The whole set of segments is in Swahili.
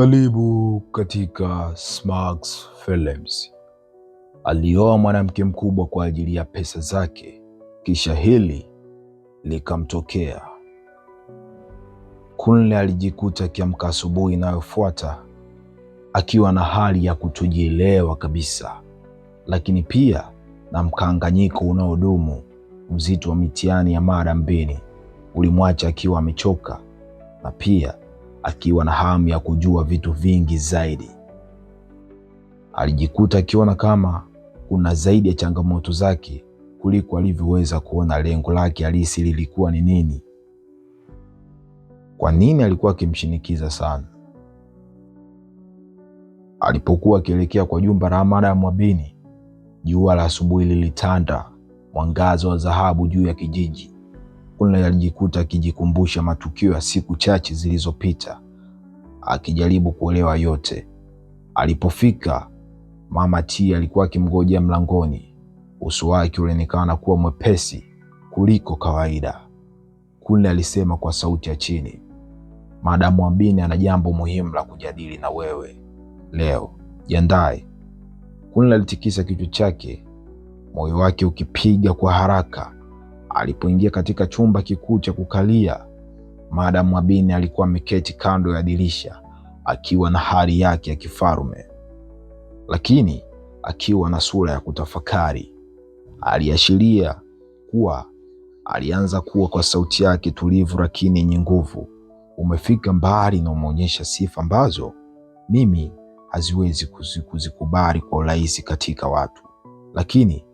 Karibu katika Smax Films. Alioa mwanamke mkubwa kwa ajili ya pesa zake, kisha hili likamtokea. Kunle alijikuta akiamka asubuhi inayofuata akiwa na hali ya kutojielewa kabisa, lakini pia na mkanganyiko unaodumu. Uzito wa mitihani ya mara mbili ulimwacha akiwa amechoka na pia akiwa na hamu ya kujua vitu vingi zaidi. Alijikuta akiona kama kuna zaidi ya changamoto zake kuliko alivyoweza kuona lengo lake halisi lilikuwa ni nini. Kwa nini alikuwa akimshinikiza sana? Alipokuwa akielekea kwa jumba la Amara ya Mwabini, jua la asubuhi lilitanda mwangazo wa dhahabu juu ya kijiji. Kunle alijikuta akijikumbusha matukio ya siku chache zilizopita, akijaribu kuelewa yote. Alipofika, Mama T alikuwa akimgojea mlangoni. Uso wake ulionekana kuwa mwepesi kuliko kawaida. Kunle alisema kwa sauti ya chini, Madamu Amini ana jambo muhimu la kujadili na wewe leo, jiandae. Kunle alitikisa kichwa chake, moyo wake ukipiga kwa haraka. Alipoingia katika chumba kikuu cha kukalia, Madamu Abini alikuwa ameketi kando ya dirisha akiwa na hali yake ya kifarume, lakini akiwa na sura ya kutafakari. Aliashiria kuwa alianza kuwa kwa sauti yake tulivu lakini yenye nguvu, umefika mbali na umeonyesha sifa ambazo mimi haziwezi kuzikubali kwa urahisi katika watu. Lakini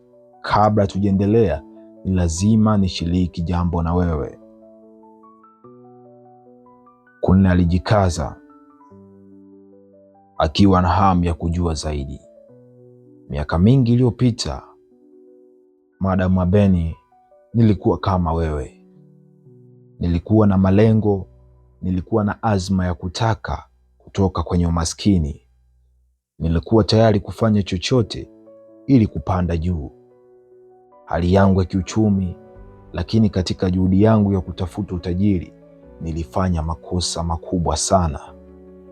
kabla tujaendelea ni lazima nishiriki jambo na wewe. kunne alijikaza akiwa na hamu ya kujua zaidi. Miaka mingi iliyopita, Madam Abeni, nilikuwa kama wewe. Nilikuwa na malengo, nilikuwa na azma ya kutaka kutoka kwenye umaskini. Nilikuwa tayari kufanya chochote ili kupanda juu hali yangu ya kiuchumi, lakini katika juhudi yangu ya kutafuta utajiri nilifanya makosa makubwa sana,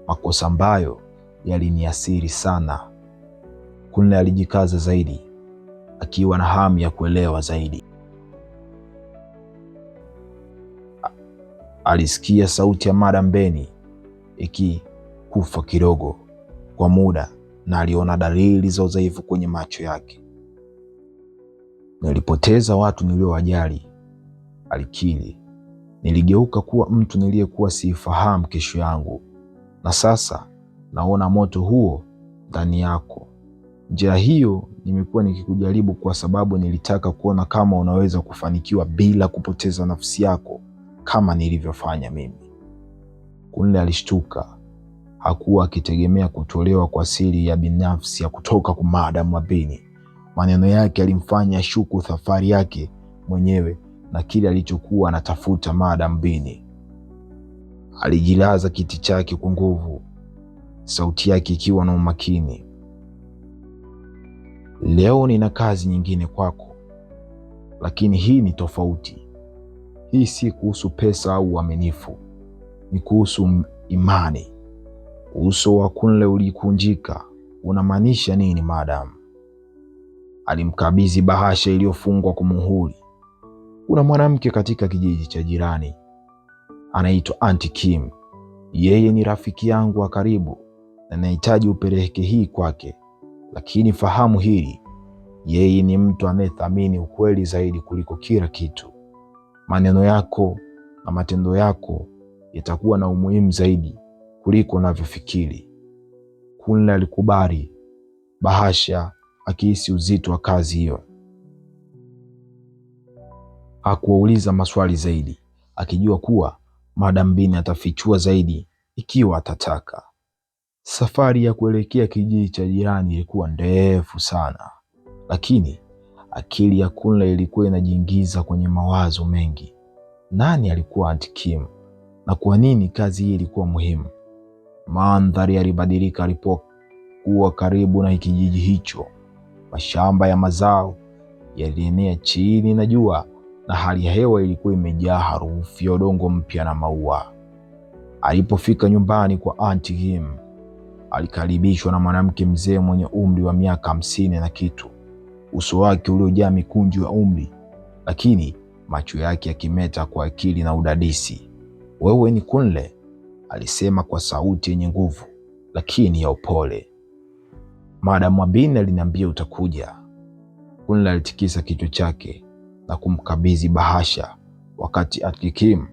makosa ambayo yaliniasiri sana. Kunle alijikaza zaidi, akiwa na hamu ya kuelewa zaidi. Alisikia sauti ya mada Mbeni ikikufa kidogo kwa muda, na aliona dalili za udhaifu kwenye macho yake. Nilipoteza watu niliowajali, alikiri. Niligeuka kuwa mtu niliyekuwa siifahamu kesho yangu, na sasa naona moto huo ndani yako. Njia hiyo nimekuwa nikikujaribu kwa sababu nilitaka kuona kama unaweza kufanikiwa bila kupoteza nafsi yako kama nilivyofanya mimi. Kunle alishtuka. Hakuwa akitegemea kutolewa kwa siri ya binafsi ya kutoka kwa maadamu Abini. Maneno yake alimfanya shuku safari yake mwenyewe na kile alichokuwa anatafuta Madam Bini. Alijilaza kiti chake kwa nguvu, sauti yake ikiwa na umakini. Leo nina kazi nyingine kwako, lakini hii ni tofauti. Hii si kuhusu pesa au uaminifu, ni kuhusu imani. Uso wa Kunle ulikunjika. Unamaanisha nini madamu alimkabidhi bahasha iliyofungwa kwa muhuri. Kuna mwanamke katika kijiji cha jirani anaitwa anti Kim. Yeye ni rafiki yangu wa karibu na nahitaji upeleke hii kwake, lakini fahamu hili, yeye ni mtu anayethamini ukweli zaidi kuliko kila kitu. Maneno yako na matendo yako yatakuwa na umuhimu zaidi kuliko unavyofikiri. Kunle alikubali bahasha akihisi uzito wa kazi hiyo. Hakuwauliza maswali zaidi, akijua kuwa Madam Bini atafichua zaidi ikiwa atataka. Safari ya kuelekea kijiji cha jirani ilikuwa ndefu sana, lakini akili ya Kunle ilikuwa inajiingiza kwenye mawazo mengi. Nani alikuwa Aunt Kim na kwa nini kazi hii ilikuwa muhimu? Mandhari yalibadilika alipokuwa karibu na kijiji hicho. Mashamba ya mazao yalienea chini na jua, na hali ya hewa ilikuwa imejaa harufu ya udongo mpya na maua. Alipofika nyumbani kwa Aunt Kim, alikaribishwa na mwanamke mzee mwenye umri wa miaka hamsini na kitu, uso wake uliojaa mikunjo ya umri, lakini macho yake yakimeta kwa akili na udadisi. Wewe ni Kunle, alisema kwa sauti yenye nguvu lakini ya upole. Maadamu abin aliniambia utakuja. Kunle alitikisa kichwa chake na kumkabidhi bahasha, wakati Atikim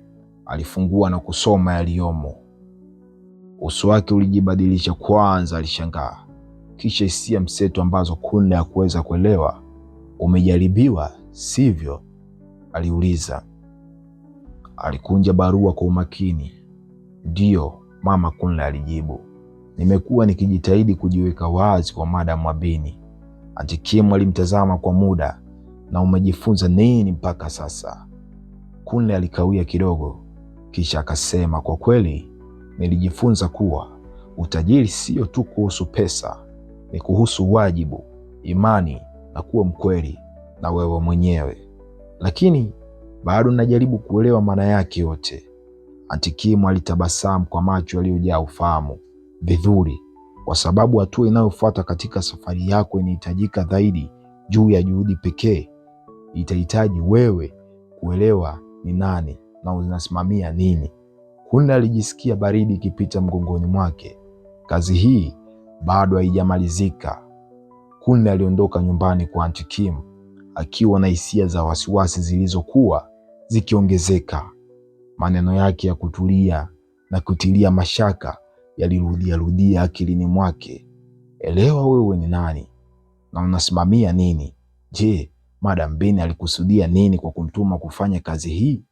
alifungua na kusoma yaliyomo. Uso wake ulijibadilisha. Kwanza alishangaa, kisha hisia mseto ambazo Kunle hakuweza kuelewa. Umejaribiwa, sivyo? aliuliza. Alikunja barua kwa umakini. Ndiyo mama, Kunle alijibu. Nimekuwa nikijitahidi kujiweka wazi kwa Madam Mwabini. Antikimu alimtazama kwa muda. Na umejifunza nini mpaka sasa? Kunle alikawia kidogo, kisha akasema, kwa kweli nilijifunza kuwa utajiri sio tu kuhusu pesa, ni kuhusu wajibu, imani na kuwa mkweli na wewe mwenyewe. Lakini bado najaribu kuelewa maana yake yote. Antikimu alitabasamu kwa macho yaliyojaa ufahamu vizuri, kwa sababu hatua inayofuata katika safari yako inahitajika zaidi juu ya juhudi pekee. Itahitaji wewe kuelewa ni nani na unasimamia nini. kunde alijisikia baridi ikipita mgongoni mwake. Kazi hii bado haijamalizika. kunde aliondoka nyumbani kwa Auntie Kim akiwa na hisia za wasiwasi zilizokuwa zikiongezeka. Maneno yake ya kutulia na kutilia mashaka yalirudiarudia akilini mwake. Elewa wewe ni nani na unasimamia nini. Je, Madam Bini alikusudia nini kwa kumtuma kufanya kazi hii?